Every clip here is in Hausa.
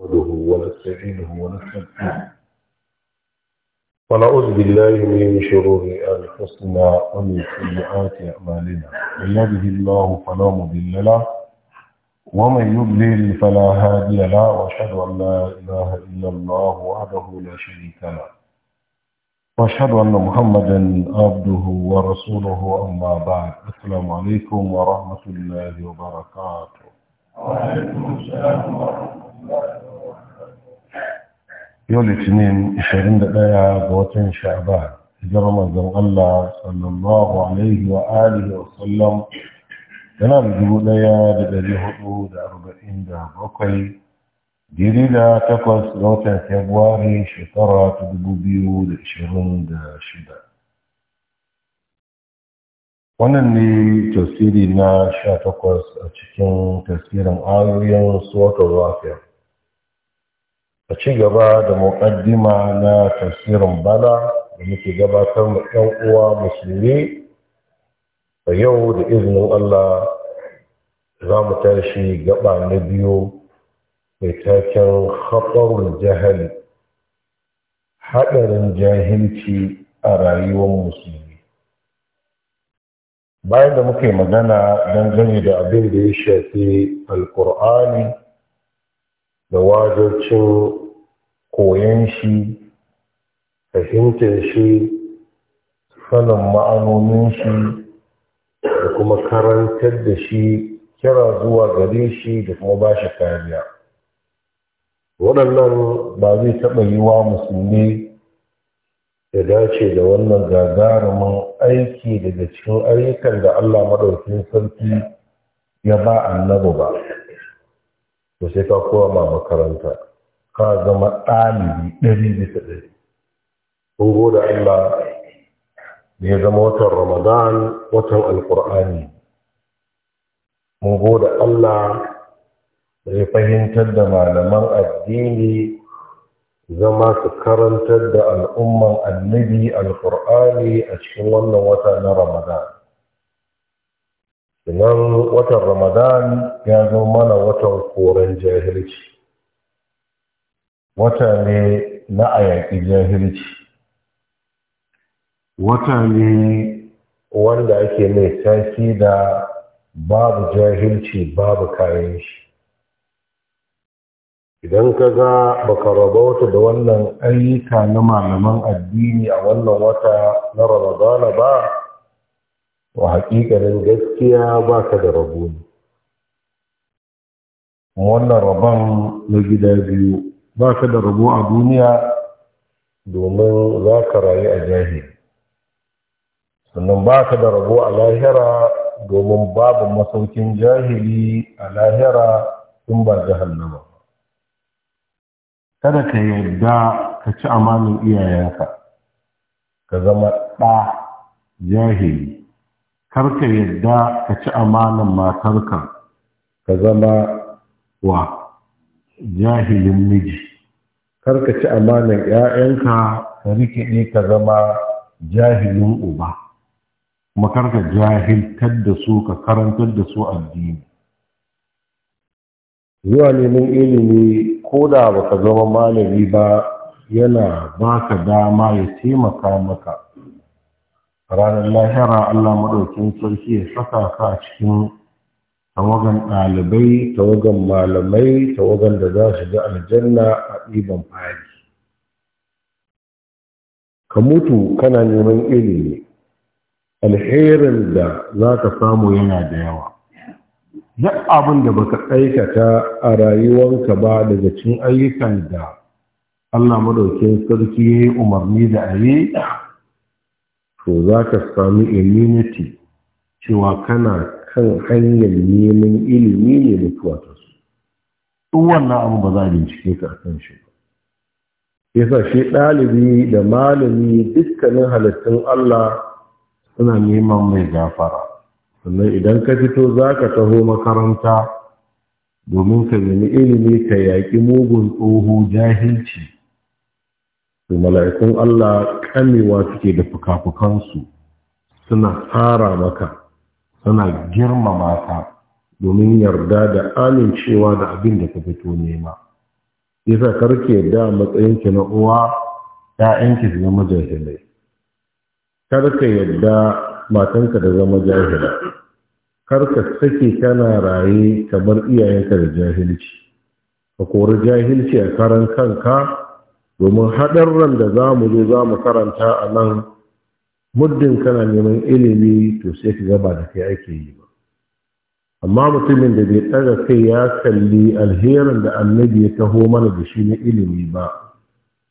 نحمده ونستعينه ونستغفره ونعوذ بالله من شرور انفسنا ومن سيئات اعمالنا من يهده الله فلا مضل له ومن يضلل فلا هادي له واشهد ان لا اله الا الله وحده لا شريك له واشهد ان محمدا عبده ورسوله اما بعد السلام عليكم ورحمه الله وبركاته وعليكم السلام ورحمه الله yau litinin 21 ga watan sha'aba hijirar manzon Allah sallallahu alaihi wa alihi wa sallam yana da dubu daya da dari hudu da arba'in da bakwai diri da takwas ga watan februari shekara ta dubu biyu da ashirin da shida wannan ne tasiri na sha takwas a cikin tasirin ayoyin suwatar rafiya a ci gaba da muƙaddima na tasirin bala da muke gabatar mu ɗan uwa musulmi a yau da izinin Allah za mu tashi gaba na biyu mai taken haɓarun jahali haɗarin jahilci a rayuwar musulmi bayan da muke magana dangane da abin da ya shafi alƙur'ani da wajocin koyon shi fahimtar shi sanin ma'anonin shi da kuma karantar da shi kira zuwa gare shi da kuma ba shi kariya waɗannan ba zai taɓa yi wa musulmi da dace da wannan gagarumin aiki daga cikin ayyukan da allah maɗaukin sarki ya ba annabu ba to sai ka koma makaranta ka zama ɗalibi ɗari bisa ɗari kun gode Allah ya zama watan Ramadan watan Alƙur'ani mun goda Allah da ya fahimtar da malaman addini zama su karantar da al'umman annabi Alƙur'ani a cikin wannan wata na Ramadan sannan watan ramadan ya zo mana watan koren jahilci wata ne na ayaƙi jahilci wata ne wanda ake mai tafi da babu jahilci babu kayan shi idan ka ga baka rabauta da wannan ayyuka na malaman addini a wannan wata na ramadana ba wa haƙiƙanin gaskiya ba ka da rabo ne wannan rabon na gida biyu ba ka da rabo a duniya domin za ka rayu a jahili sannan ba ka da rabo a lahira domin babu masaukin jahili a lahira in ba jahannama kada ka yarda ka ci amanin iyayenka ka zama ɗa jahili karka yadda ka ci amanan matarka ka zama wa jahilin miji kar ka ci amanan 'ya'yanka ka rikide ka zama jahilin uba kuma karka jahiltar da su ka karantar da su addini zuwa neman ilimi ko da baka zama malami ba yana baka dama ya taimaka maka ranar lahira Allah maɗaukin sarki ya saka ka a cikin tawagan ɗalibai tawagan malamai tawagan da za su ga aljanna a ɗiban fari ka mutu kana neman ilimi alherin da za ka samu yana da yawa duk abin da baka aikata a rayuwanka ba daga cikin ayyukan da Allah maɗaukin sarki ya yi umarni da a to za ka sami immunity cewa kana kan hanyar neman ilimi ne mutuwa ta su wannan abu ba za a bincike ka a kan shi ba shi ɗalibi da malami dukkanin halittun Allah suna neman mai gafara sannan idan ka fito za ka taho makaranta domin ka nemi ilimi ka yaƙi mugun tsoho jahilci to mala'ikun Allah kamewa suke da fukafukansu suna tsara maka suna girmama ka domin yarda da amincewa da abin da ka fito nema yasa karke da matsayinki na uwa ‘ya'yanki su zama jahilai karka yadda matanka da zama jahila karka sake kana raye kamar iyayenka da jahilci ka kori jahilci a karan kanka domin haɗarran da za mu zo za mu karanta a nan muddin kana neman ilimi to sai ka gaba da kai ake yi ba amma mutumin da bai ɗaga kai ya kalli alherin da annabi ya taho mana da shi na ilimi ba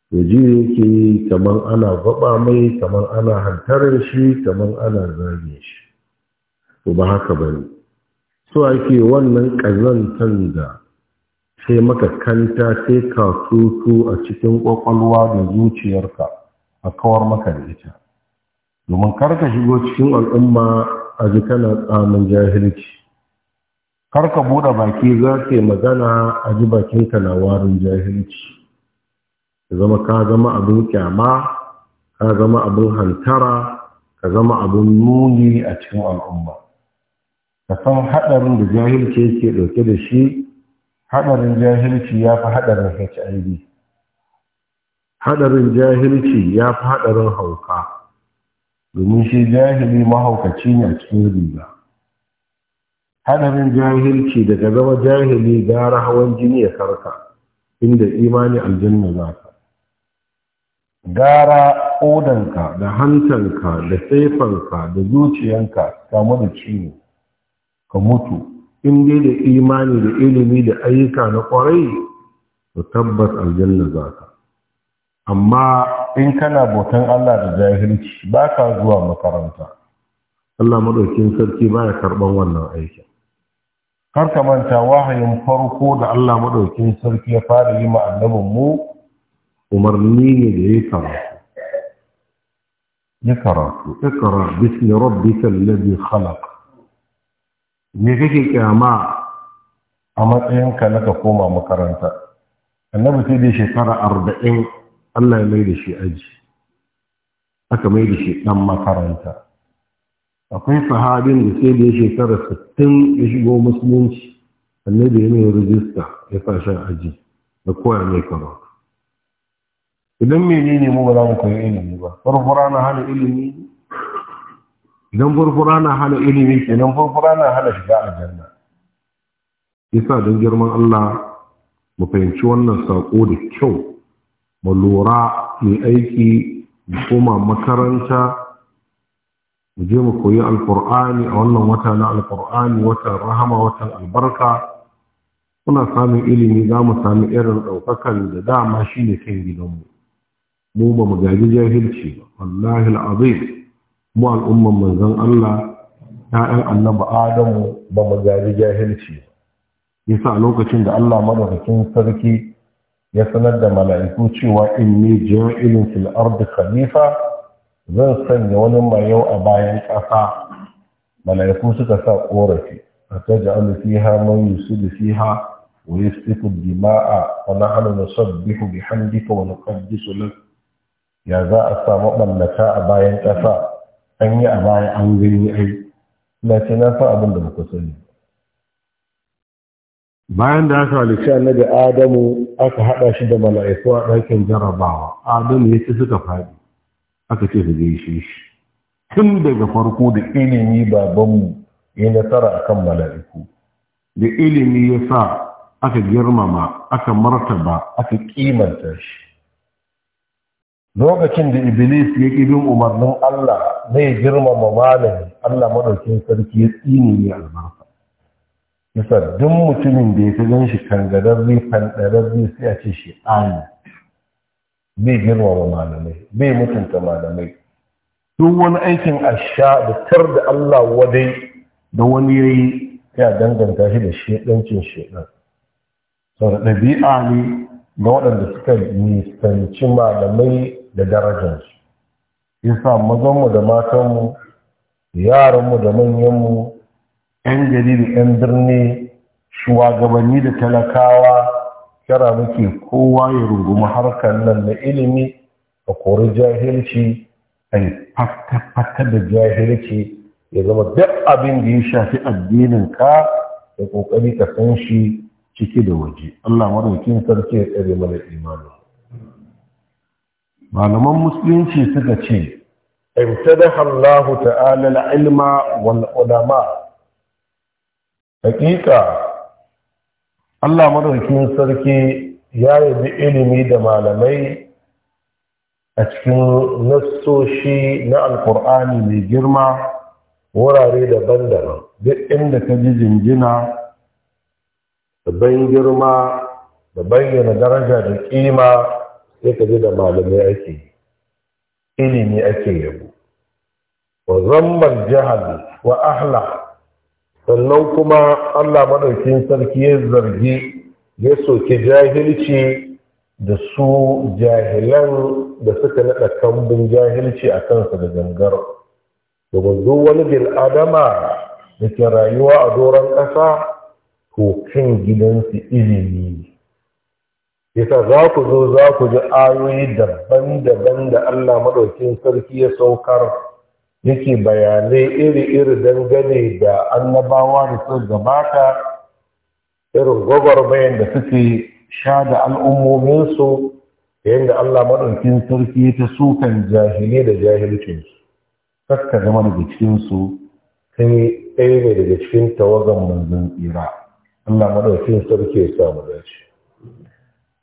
to ji yake yi kamar ana gaba mai kamar ana hantarar shi kamar ana zagin shi to ba haka ba ne so ake wannan ƙazantar da sai maka kanta sai ka tutu a cikin ƙwaƙwalwa da zuciyarka a kawar maka da ita domin karka shigo cikin al'umma a ji kana tsamin jahilci karka buɗe baki za ka yi magana a ji bakinka na warin jahilci ka zama ka zama abin kyama ka zama abin hantara ka zama abin nuni a cikin al'umma ka san haɗarin da jahilci yake ɗauke da shi haɗarin jahilci ya fi haɗarin HIV. Haɗarin jahilci ya fi haɗarin hauka, domin shi jahili mahaukaci ne a cikin riga. Haɗarin jahilci daga zama jahili gara hawan jini ya karka, inda imani aljanna za ka. Gara ƙodanka da hantanka da saifanka da zuciyanka kamu da ciwo, ka mutu in dai da imani da ilimi da ayyuka na kwarai to tabbas aljanna za ka amma in kana bautan Allah da jahilci ba ka zuwa makaranta Allah madaukin sarki ba ya karban wannan aikin kar ka manta wahayin farko da Allah madaukin sarki ya fara yi ma annabin mu umarni ne da ya karatu ya karatu ikra bismi rabbikal ladhi khalaq me kake kyama a matsayinka na ka koma makaranta annabi sai da shekara arba'in allah ya mai da shi aji aka mai da shi ɗan makaranta akwai sahabin da sai da ya shekara sittin ya shigo musulunci annabi ya mai rijista ya sa shan aji da koya mai karo. idan menene mu ba za mu koyi ilimi ba farfara na hana ilimi idan furfura na hana ilimi kenan furfura na hana shiga a janna yasa don girman Allah mu fahimci wannan saƙo da kyau mu lura mu aiki mu koma makaranta mu je mu koyi alkur'ani a wannan wata na alkur'ani watan rahama watan albarka muna samun ilimi za mu sami irin ɗaukakan da dama shi ne kan gidanmu mu ba mu gaji jahilci ba wallahi al'azim mu al'umman manzon Allah ‘ya'yan annabi Adamu ba mu gaji jahilci, yasa lokacin da Allah madaukakin sarki ya sanar da mala'iku cewa in ne ja'ilin fil ardi khalifa zan sanya wani mayau a bayan ƙasa mala'iku suka sa ƙorafi a ta ja'alu fiha man yusudu fiha wa yasfiku dima'a wa nahnu nusabbihu bihamdika wa nuqaddisu lak ya za a sa maballata a bayan ƙasa an yi a baya an gani ai na ce na san abin da muka sani bayan da aka halitta annabi adamu aka haɗa shi da mala'iku a ɗakin jarabawa adamu ya ci suka faɗi aka ce su gaishe shi tun daga farko da ilimi babanmu ya nasara a kan mala'iku da ilimi ya sa aka girmama aka martaba aka ƙimanta shi lokacin da iblis ya ƙi bin umarnin Allah zai girmama malami Allah maɗaukin sarki ya tsini ne albarka yasa duk mutumin da ya fi gan shi kangadarri zai sai a ce shi ani bai girmama malamai bai mutunta malamai duk wani aikin asha da tar da Allah wadai da wani ya yi ya danganta shi da shaɗancin shedan sau da ɗabi'a ne ga waɗanda suka nisanci malamai da darajarsu Isa mazanmu da matanmu yaranmu da manyanmu 'yan gari da 'yan birni shugabanni da talakawa kira muke kowa ya rungumi harkar nan na ilimi a kori jahilci a fata-fata da jahilci ya zama duk abin da ya shafi addinin ka da ƙoƙari ka san shi ciki da waje Allah maraukin sarki ya tsare mana imanin malaman musulunci suka ce imtadaha Allah ta'ala al-ilma wal ulama hakika Allah madaukakin sarki ya yabi ilimi da malamai a cikin nassoshi na alkur'ani mai girma wurare daban-daban duk inda ka ji jingina da ban girma da bayyana daraja da kima sai ka ji da malamai ake yi ilimi ake yabo wa zamman jihar wa ahla sannan kuma allah maɗaukin sarki ya zargi ya soke jahilci da su jahilan da suka naɗa kambun jahilci a kansa da gangar domin duk wani bil adama da ke rayuwa a doron ƙasa ko kan gidansu ilimi yasa za ku zo za ku ji ayoyi daban-daban da Allah maɗaukin sarki ya saukar yake bayanai iri-iri dangane da annabawa da su gabata irin gwagwarmayan da suke sha da al'ummominsu yadda Allah maɗaukin sarki ta sukan jahili da jahilcinsu kakka zama daga cikinsu yi ɗaya daga cikin tawagan manzon tsira Allah maɗaukin sarki ya samu dace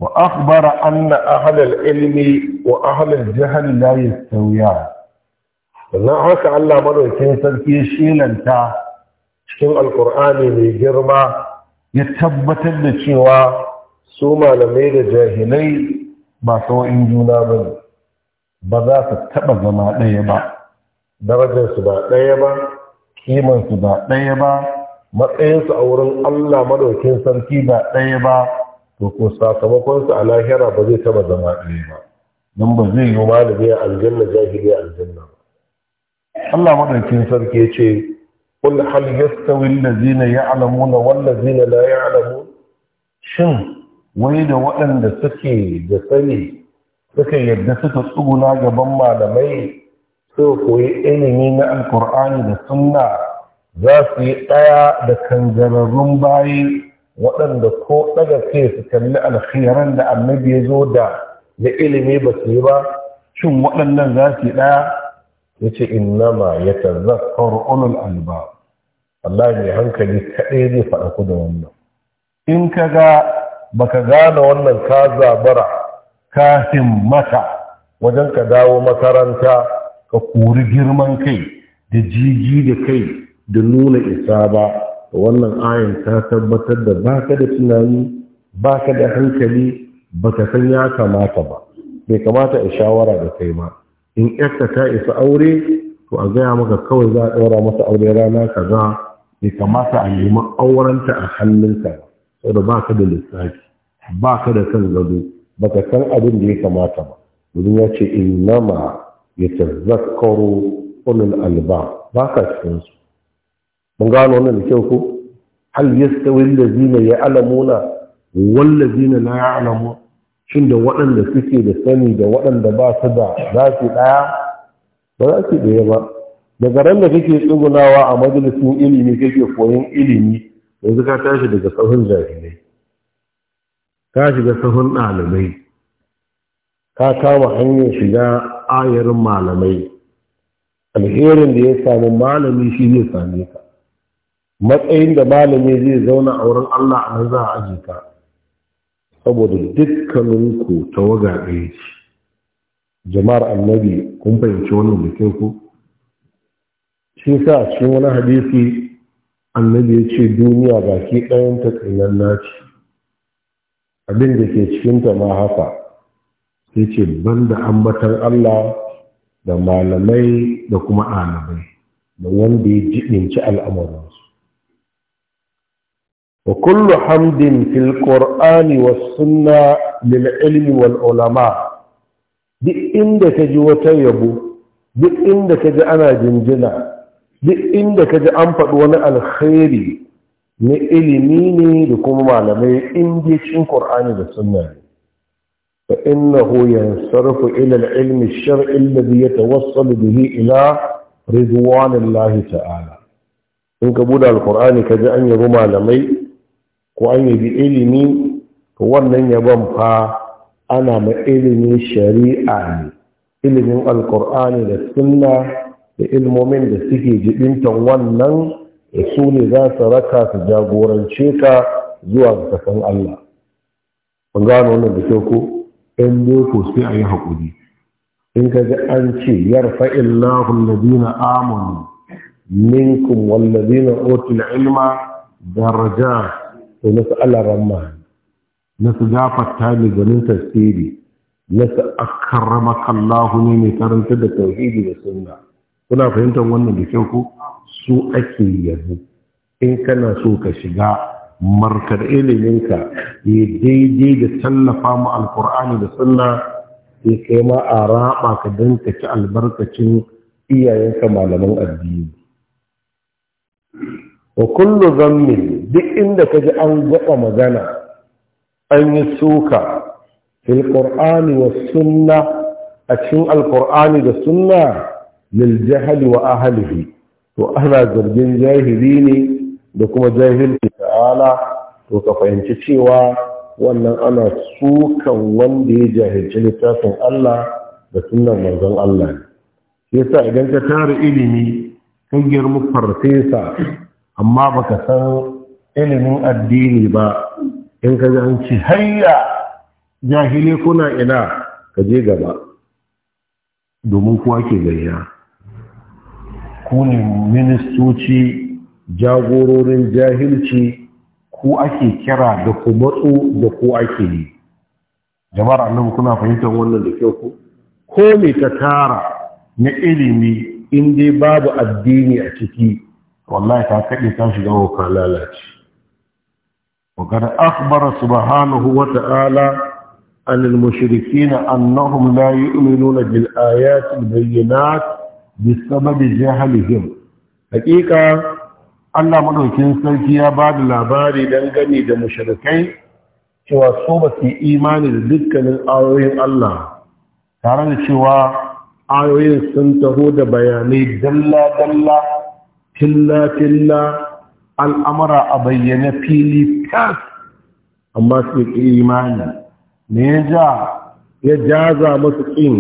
وأخبر أن أهل العلم وأهل الجهل لا يستويان sannan haka Allah madaukin sarki shilanta cikin alkur'ani mai girma ya tabbatar da cewa su malamai da jahilai ba sau'in juna ba ne ba za su taɓa zama ɗaya ba darajarsu ba ɗaya ba kimansu ba ɗaya ba matsayinsu a wurin Allah madaukakin sarki ba ɗaya ba to ko sakamakonsa a lahira ba zai taba zama ɗaya ba don ba zai yi malami a aljanna jahili a aljanna ba Allah madaukin sarki ya ce قل هل na الذين يعلمون والذين لا يعلمون shin wai da waɗanda suke da sani suka yadda suka tsuguna gaban malamai suka koyi ilimi na alkur'ani da sunna za su yi ɗaya da kangararrun bayi waɗanda ko ɗaga kai su kalli alkhairan da annabi ya zo da ya ilimi ba su yi ba shin waɗannan za su yi ɗaya ya ce innama ya tazakkar ulul alba Allah mai hankali kaɗai zai faɗa ku da wannan in ka ga baka gane wannan ka zabara ka himmata wajen ka dawo makaranta ka kori girman kai da jiji da kai da nuna isa ba wannan ayin ta tabbatar da ba ka da tunani ba ka da hankali ba ka san ya kamata ba bai kamata a shawara da kai ba in yarka ta isa aure to a gaya maka kawai za a ɗaura masa aure rana kaza bai kamata a nemi aurenta a hannunka saboda ba ka da lissafi ba ka da kan gado ba ka san abin da ya kamata ba domin ya ce innama ya tazakkaro ulul alba ba ka cikinsu mun gano wannan da kyau ko hal yastawi allazina ya'lamuna wal ladina la ya'lamun shin da waɗanda suke da sani da waɗanda ba su da za su ɗaya ba za su ɗaya ba daga ran da kake tsugunawa a majalisun ilimi kake koyon ilimi yanzu ka tashi daga sahun jahilai ka shiga sahun ɗalibai ka kama hanyar shiga ayar malamai alherin da ya samu malami shi zai same ka matsayin da malami zai zauna a wurin Allah a za a aji ka saboda dukkanin ku waga ɗaya ce jama'ar annabi kun fahimci wannan bikin ku shi sa a cikin wani hadisi annabi ya ce duniya baki ɗayan ta tsinan naci abin da ke cikinta ma haka sai ce da ambatan Allah da malamai da kuma ɗalibai da wanda ya jiɗinci al'amuransu وكل حمد في القرآن والسنة للعلم والعلماء duk inda ka ji wata yabo duk inda ka ji ana jinjina duk inda ka ji an faɗi wani alkhairi na ilimi ne da kuma malamai ji cin ƙor'ani da sunna ne fa innahu yansarfu ila al-ilmi ash-shar'i ina yatawassalu bihi ila ridwanillahi ta'ala in ka buɗe alkur'ani ka ji an yabo malamai ko an yabi ilimi to wannan yabon fa ana ma ilimin shari'a ne ilimin alkur'ani da sunna da ilmomin da suke jibintan wannan da su ne za su raka su jagorance ka zuwa ga kasan Allah kun gano wannan da kyau ko ɗan boko sai a yi haƙuri in ka ji an ce yarfa illahu alladina amanu minkum walladina utul ilma daraja. to na alaran alaramma na su gafarta ne gwanin tasiri na su ne mai karanta da tauhidi da sunna kuna fahimtar wannan da kyau ko su ake yanzu in kana so ka shiga markar iliminka ya daidai da tallafa mu alkur'ani da sunna ya kai ma a raba ka don ka albarkacin iyayenka malaman addini wa kullu zammin duk inda ka ji an gaba magana an yi suka fil qur'ani sunna a cikin alqur'ani da sunna lil jahli wa ahlihi to ana zargin jahili ne da kuma jahilci ta'ala to ka fahimci cewa wannan ana sukan wanda ya jahilci littafin Allah da sunnan manzon Allah ne yasa idan ka tara ilimi kan girma farfesa amma baka san ilimin addini ba in ka ji an ci hayya jahili kuna ina ka je gaba domin kuwa ke gaya ku ne ministoci jagororin jahilci ku ake kira da ku matso da ku ake yi jama'ar annabi kuna fahimtar wannan da kyau ku ko me ta tara na ilimi in dai babu addini a ciki wallahi ta kaɗe ta shiga ka lalace وقد أخبر سبحانه وتعالى عن المشركين أنهم لا يؤمنون بالآيات البينات بسبب جهلهم حقيقة Allah madaukin sarki ya ba da labari dangane da mushrikai cewa so ba su imani da dukkanin ayoyin Allah tare da cewa ayoyin sun taho da bayanai dalla-dalla filla-filla al'amara a bayyana fili tas amma su ƙi imani me ya ja ya jaza masu ƙin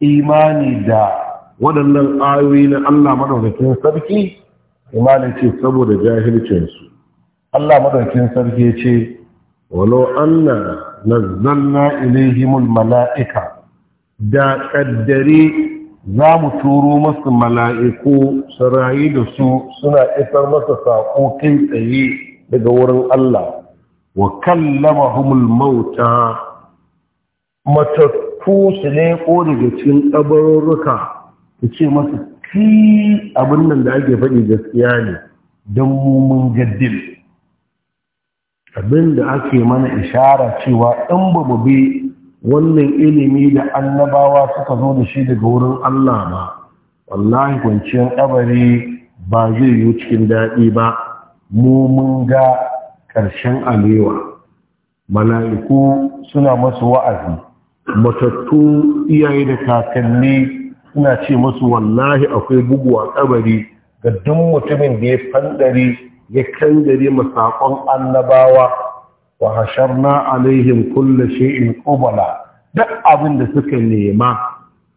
imani da waɗannan ayoyi na Allah maɗaukakin sarki imanin ce saboda jahilcinsu Allah maɗaukakin sarki ya ce walau anna nazzalna ilaihimul mala'ika da ƙaddare za mu turo masu mala'iku su rayu da su suna isar masa saƙo kai tsaye daga wurin Allah wa kallama humul mauta matattu su ne ko daga cikin ƙabarurruka ta ce masa ki abin nan da ake faɗi gaskiya ne don mumun gaddil abin da ake mana ishara cewa ɗan ba mu bi wannan ilimi da annabawa suka zo da shi daga wurin Allah ba wallahi kwanciyar ƙabari ba zai yi cikin daɗi ba mu mun ga ƙarshen alewa mala'iku suna masu wa'azi matattu iyaye da kakanni suna ce masu wallahi akwai bugu ƙabari ga duk mutumin da ya fandare ya kangare masakon annabawa wa hasharna alaihim kulla shay'in qubala duk abin da suka nema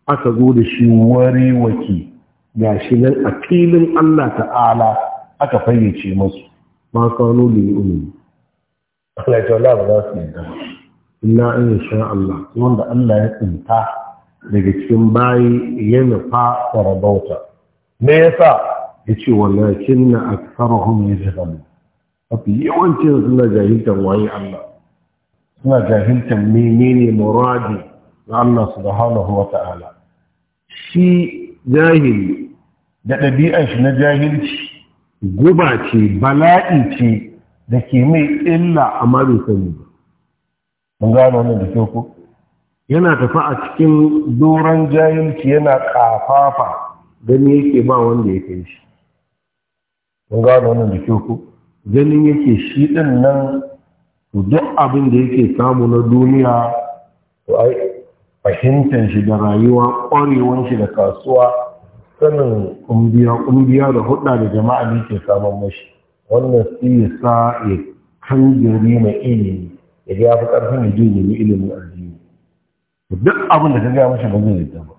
aka zo da shi wuri waki gashi nan a filin Allah ta'ala aka fayyace musu ma kanu li yu'minu Allah ya tawalla ba za su yarda illa in sha Allah wanda Allah ya tsinta daga cikin bayi ya nufa farabauta me yasa yace walakin na aktharuhum yajhalu mafi yawancin suna jahiltar waye Allah suna jahiltar menene muradi na Allah subhanahu wa ta'ala shi jahili da ɗabi'ar shi na jahilci guba ce bala'i ce da ke mai illa a bai sani ba mun gano wannan da kyau ko yana tafi a cikin doron jahilci yana ƙafafa. gani yake ba wanda ya kai shi mun gano wannan da kyau ko ganin yake shi ɗin nan duk abin da yake samu na duniya to ai fahimtar shi da rayuwa ƙwarewan shi da kasuwa sanin ƙungiya ƙungiya da hudda da jama'a da yake samun mashi wannan su yi sa ya kan gari mai ilimi ya ga fi ƙarfin ya je ilimin addini duk abin da ka gaya mashi ba zai yadda ba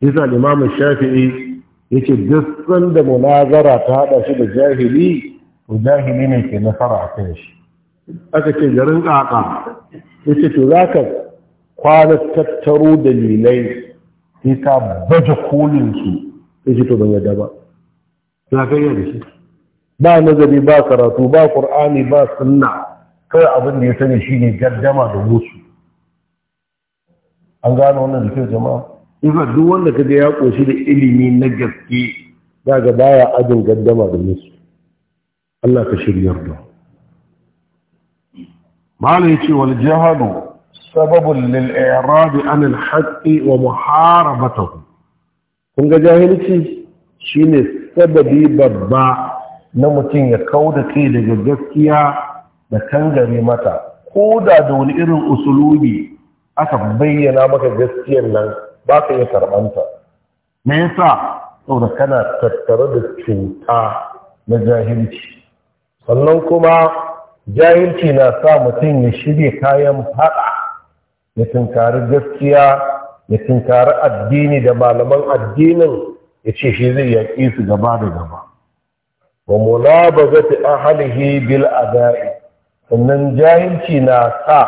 yasa limamin shafi'i yace duk sanda munazara ta haɗa shi da jahili to jahili ne ke nasara a kai shi aka ce garin ƙaƙa ya ce to za ka kwana tattaro dalilai sai ka baje kolinsu ya ce to ban yadda ba za ka yi da shi ba nazari ba karatu ba ƙur'ani ba sunna kai abin da ya sani shi ne gardama da musu an gano wannan da kyau jama'a ifa duk wanda ka ga ya ƙoshi da ilimi na gaske za ga baya ajin gardama da musu Allah ka shiryar da mala ya wal jahadu sababun lil i'rad an al haqqi wa muharabatuhu kun ga jahilci shine sababi babba na mutum ya kauda kai daga gaskiya da kangare mata ko da da wani irin usulubi aka bayyana maka gaskiyar nan ba ka iya karɓanta me yasa saboda kana tattare da cuta na jahilci sannan kuma jahilci na sa mutum ya shirya kayan haɗa ya tunkari gaskiya ya tunkari addini da malaman addinin ya ce shi zai yaƙi su gaba da gaba wa mulabazati ahlihi bil ada'i sannan jahilci na sa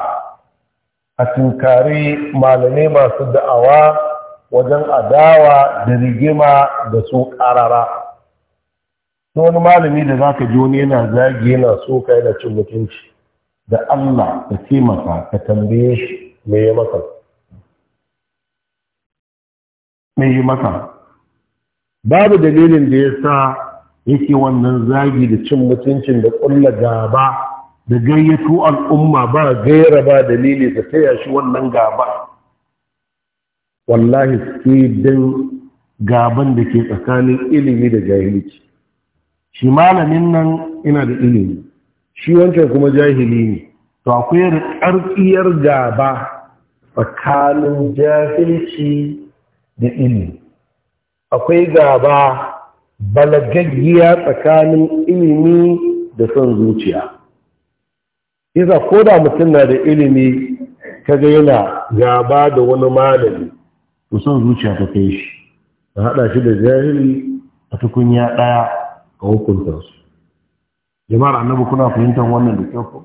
a tunkari malamai masu da'awa wajen adawa da rigima da su ƙarara ta wani malami da za ka ji wani yana zagi yana soka yana cin mutunci da Allah ka taimaka ka tambaye shi me ya maka mai yi maka babu dalilin da ya sa yake wannan zagi da cin mutuncin da ƙulla gaba da gayyato al'umma ba gaira ba dalili da taya shi wannan gaba wallahi sai don gaban da ke tsakanin ilimi da jahilci shi malamin nan ina da ilimi shi wancan kuma jahili ne to akwai ƙarƙiyar gaba tsakanin jahilci da ilimi akwai gaba balagaggiya tsakanin ilimi da son zuciya Iza ko da mutum na da ilimi kaga yana gaba da wani malami to son zuciya ta kai shi a haɗa shi da jahili a tukunya ɗaya ka hukunta su jama'ar annabi kuna fahimtar wannan da kyau ko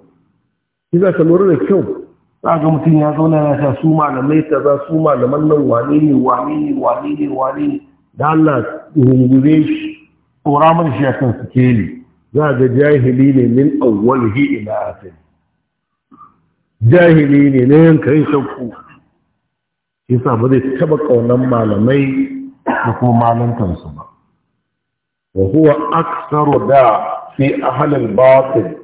shi za ka lura da kyau za ga mutum ya zauna ya sa su malamai ta za su malaman nan wane ne wane ne wane ne wane ne da Allah hungure shi tsora mana shi akan sikeli za ga jahili ne min awwalhi ila akhir jahili ne na yankan shakku yasa ba zai taba kaunan malamai da kuma malantansu ba wa huwa aksaru da fi ahalin batin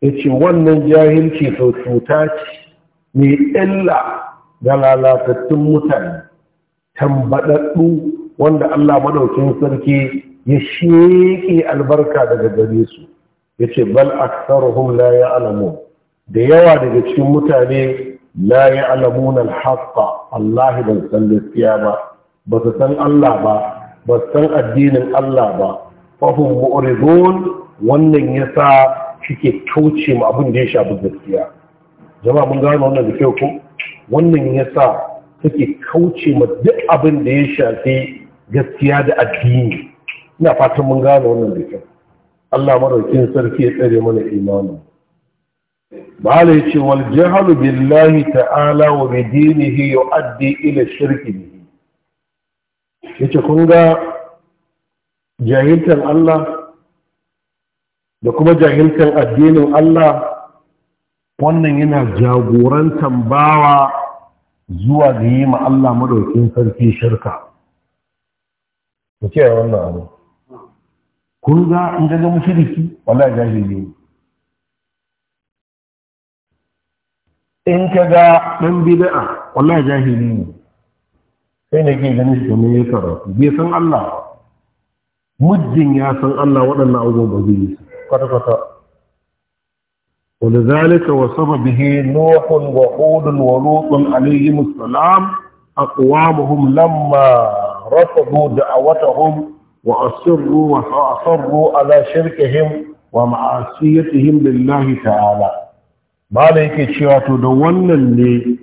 yace wannan jahilci to cuta ce mai illa ga lalatattun mutane tambadaddu wanda Allah maɗaukin sarki ya sheke albarka daga gare su yace bal aktsaruhum la ya'lamun da yawa daga cikin mutane la ya'lamun al-haqqa Allah ban san gaskiya ba ba su san Allah ba ba san addinin Allah ba fahim mu'ridun wannan yasa suke kauce mu abin da ya shafi gaskiya jama'a mun gano wannan da kyau ko wannan yasa kake kauce mu duk abin da ya shafi gaskiya da addini ina fatan mun gano wannan da kyau Allah madaukin sarki ya tsare mana imanin ba la yace wal jahlu billahi ta'ala wa bi yu'addi ila shirki yace kun ga jahiltan Allah da kuma jahiltan addinin Allah wannan yana jagorantan bawa zuwa ga yi ma Allah madaukin sarki shirka ku ce wannan abu kun ga in ga mushriki wala jahili ne in ka ga ɗan bida'a wala jahili ne sai na ke ganin shi ne ya tsara bai san Allah mujjin ya san Allah waɗannan abubuwan ba yi kwata kwata wani zalika wa saba bihe nuhun wa hudun wa lutun a kuwamuhum lamma rasa zo a wata hum wa asirru wa sa'asarru ala shirkihim wa ma'asiyatihim lillahi ta'ala malam yake cewa to da wannan ne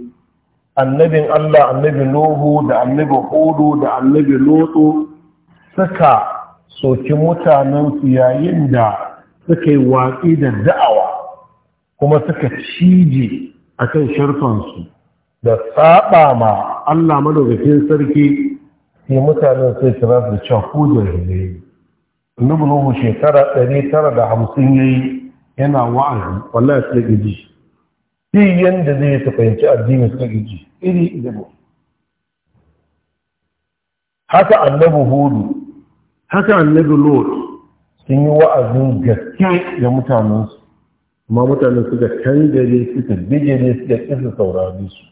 annabin Allah annabi Nuhu da annabi Hudu da annabi Lutu suka soki mutanensu yayin da suka yi watsi da da'awa kuma suka cije a kan da saba ma Allah madaukakin sarki sai mutanen sai rasu su cahu da ne. annabi Nuhu shekara 950 yayi yana wa'azi wallahi sai gaji duk yadda zai ta fahimci addini suka iji iri iri haka annabi hudu haka annabi lord sun yi wa'azin gaske ga mutanensu amma mutanen suka kangare suka bigire suka kisa saurari su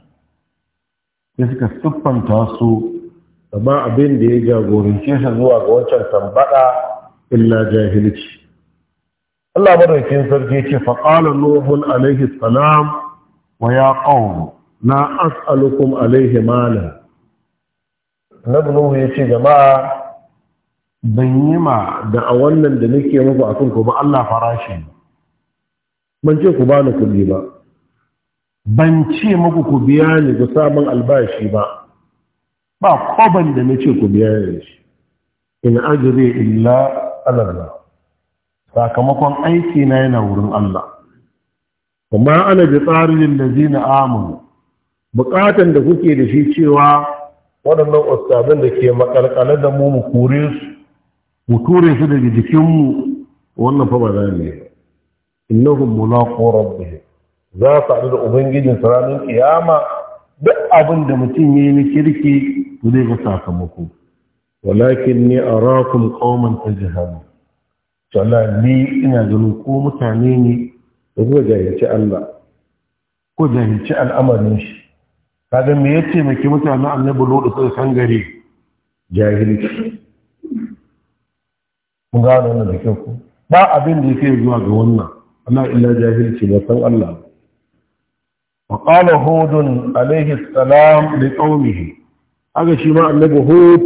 ya suka siffanta su amma abin da ya jagorance shi zuwa ga wancan tambada illa jahilci Allah madaukakin sarki ce faqala nuhun alaihi salam wa ya qawm la as'alukum alayhi mala nabi nuhu ce jama'a ban yi ma da a wannan da nake muku akan ku ba Allah farashi ban ce ku bani kuɗi ba ban ce muku ku biya ni ku samun albashi ba ba koban da na ce ku biya ni shi in ajri illa ala sakamakon aiki na yana wurin Allah kuma ana bi tsarin zina amanu bukatan da kuke da shi cewa waɗannan ustazin da ke makalkale da mu mu kure su mu ture su daga jikinmu wannan fa ba za ne innahum mulaqu rabbihim za su haɗu da ubangijin ranar kiyama duk abin da mutum ya yi na kirki zai ga sakamako walakin ni arakum qauman tajhalu sallah ni ina ganin ko mutane ne ko jahilci Allah ko jahilci al'amarin shi kaga me ya maki mutane annabi lodu sai san gare jahilci mun gano wannan da kyau ko ba abin da yake zuwa ga wannan Allah illa jahilci ba san Allah wa qala hudun alayhi salam li qaumihi aga shi ma annabi hud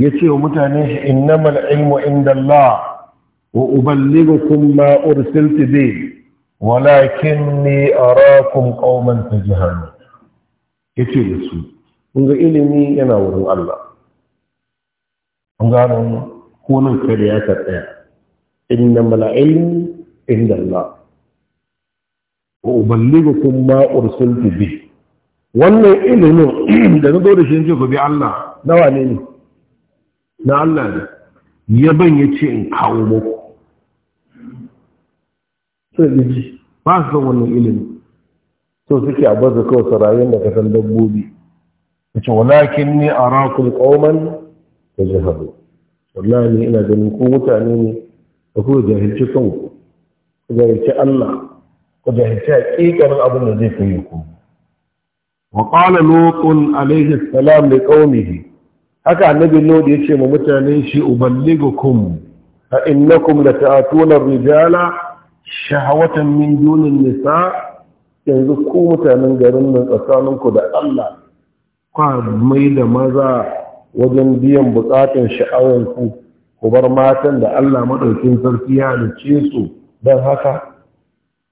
yace wa mutane shi innamal ilmu inda Allah wa uballigukum ma ursiltu bihi walakinni arakum qauman Ya yace da su kun ga ilimi yana wurin Allah kun ga nan ko nan kai da ya ka tsaya inna mala'ilmi inda Allah wa uballighukum ma ursiltu bi wannan ilimin da na zo da shi ne ku bi Allah nawa ne ne na Allah ne Ya yace in kawo muku sai da ji ba su wannan ilimi so suke a baza kawai sarayen da kasan dabbobi ta ce walakin ne a rakun ƙauman da jihadu wallahi ne ina ganin ku mutane ne da kuma jahilci kanku ku jahilci Allah ku jahilci haƙiƙanin abin da zai kai ku wa qala lokun alayhi salam da ƙaunihi haka annabi lodi ya ce ma mutane shi uballigukum fa innakum lata'tuna ar-rijala shahawatan min dunin nisa yanzu ku mutanen garin nan tsakaninku da Allah kwa mai da maza wajen biyan bukatun sha'awanku ku bar matan da Allah maɗaukin sarki ya halice su don haka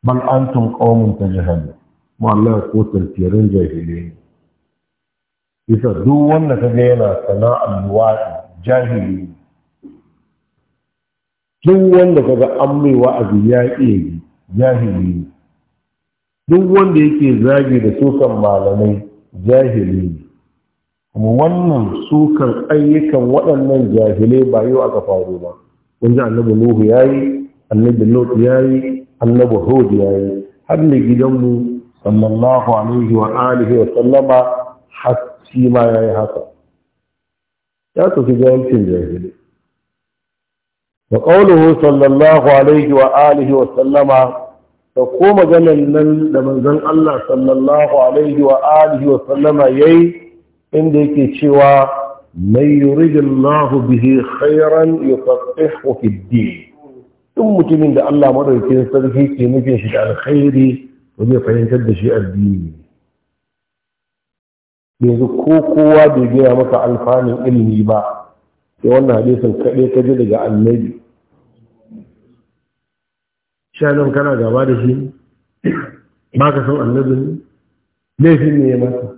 bal antum qaumun tajhalun mu Allah ko tartirin jahili bisa duk wanda ga yana sana'ar luwaɗi jahili duk wanda kaga an mai wa'azi ya iya jahili ne duk wanda yake zagi da sukan malamai jahili ne kuma wannan sukan ayyukan waɗannan jahilai ba yau aka faru ba kun ji annabi nuhu ya yi annabi lot ya yi annabi hud ya yi har ne gidanmu sallallahu alaihi wa alihi wa sallama har ma ya yi haka ya tafi jahilcin jahilai wa qawluhu sallallahu alaihi wa wa sallama da ko maganan nan da manzon Allah sallallahu alaihi wa wa sallama yayi inda yake cewa mai yuridillahu bihi khairan yufaqihu fid din duk mutumin da Allah madaukakin sarki ke nufin shi da alkhairi to zai fahimtar da shi addini yanzu ko kowa bai gaya maka alfanun ilimi ba sai wannan hadisin kaɗai ka ji daga annabi shanon kana gaba da shi ba ka san annabin ne laifin ne ya mata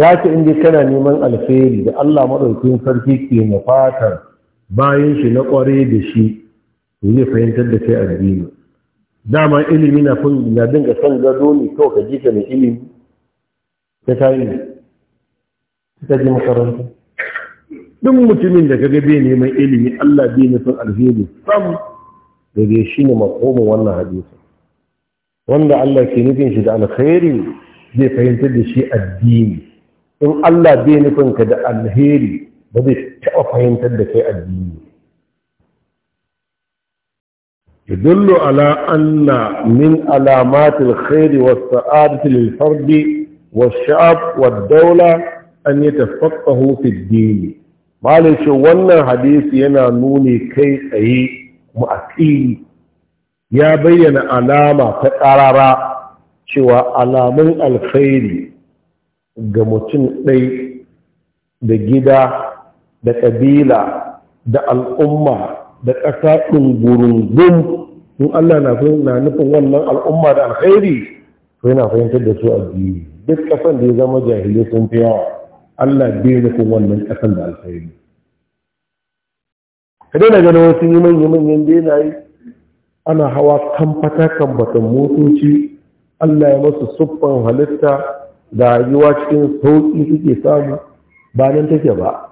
ya ce inda kana neman alheri da Allah maɗaukin sarki ke na fatar bayan shi na ƙware da shi to zai fahimtar da kai addini dama ilimi na fin na dinga san gado ne kawai ka ji ka mai ilimi ta kayi ne ta ji makaranta duk mutumin da ka ga neman ilimi Allah bai nufin alheri sam da dai shi ne makomin wannan hadisi wanda Allah ke nufin shi da alkhairi zai fahimtar da shi addini in Allah bai nufin ka da alheri ba zai taɓa fahimtar da kai addini يدل على أن من علامات الخير والسعادة للفرد والشعب والدولة أن يتفقهوا في الدين ما ليش wannan hadisi yana nuna kai tsaye mu ya bayyana alama ta ƙarara cewa alamun alkhairi ga mutum ɗai da gida da ƙabila da al'umma da ƙasa ɗungurungun in Allah na nufin wannan al'umma da alkhairi Sai na fahimtar da su addini duk ƙasan da ya zama jahilai sun fi yawa Allah bai nufin wannan ƙasan da alkhairi ka daina ganin wasu yi manya-manyan yi? ana hawa kan fata kan batan motoci allah ya masu siffan halitta da rayuwa cikin sauƙi suke samu ba nan take ba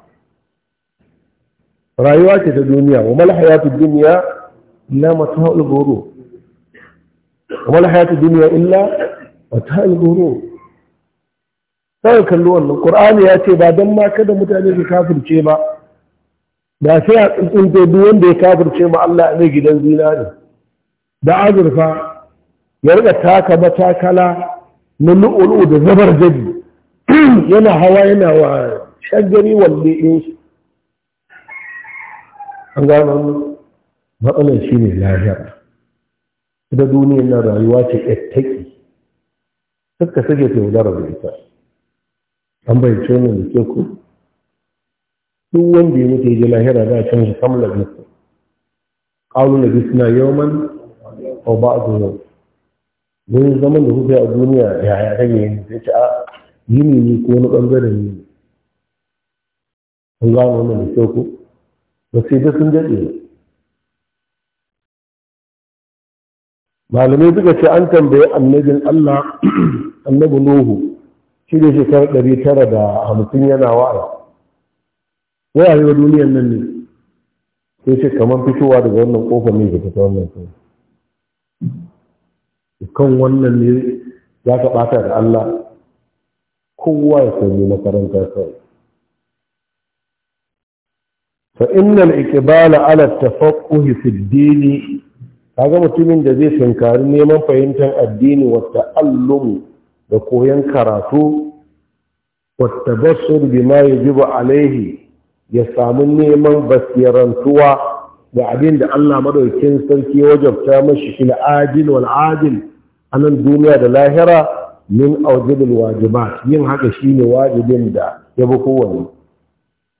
rayuwa ce ta duniya wa mal hayatu duniya illa mata'ul ghurur wa mal hayatu duniya illa mata'ul ghurur sai kallo wannan qur'ani ya ce ba dan ma kada mutane su kafirce ba da sai a tsuntsunto duk wanda ya kafirce ma Allah ne gidan zinari da azurfa ya riga taka matakala na nu'ulu da zabar jabi yana hawa yana wa shagari walle in shi an gano matsalar shi ne lahiyar da duniyar na rayuwa ce ƙattaki suka sake taimakon da ita an bayyance ne da ke ku duk wanda ya mutu ya je lahira za a can shi kamla bisu yau man yawman ba a zuwa Wani zaman da kuka a duniya ya ya kake yin sai ce a ne ne ko wani bangare ne sun gano wannan da kyau ko ba sai da sun daɗe malamai suka ce an tambaye annabin Allah annabi Nuhu shi da shekarar ɗari tara da hamsin yana wa'a waya yi wa duniyar nan ne sai ce kamar fitowa daga wannan kofar ne ka fita wannan kai kan wannan ne za ka ɓata da Allah kowa ya sami makaranta kawai fa innal iqbala ala tafaqquhi fi ad-din kaga mutumin da zai tunkari neman fahimtar addini wa ta'allum da koyon karatu wa tabassur bima yajibu alayhi ya samu neman basirantuwa da abin da Allah madaukin sarki wajabta mashi fil ajil wal ajil a nan duniya da lahira min aujibul wajibat yin haka shine wajibin da ya bi kowanne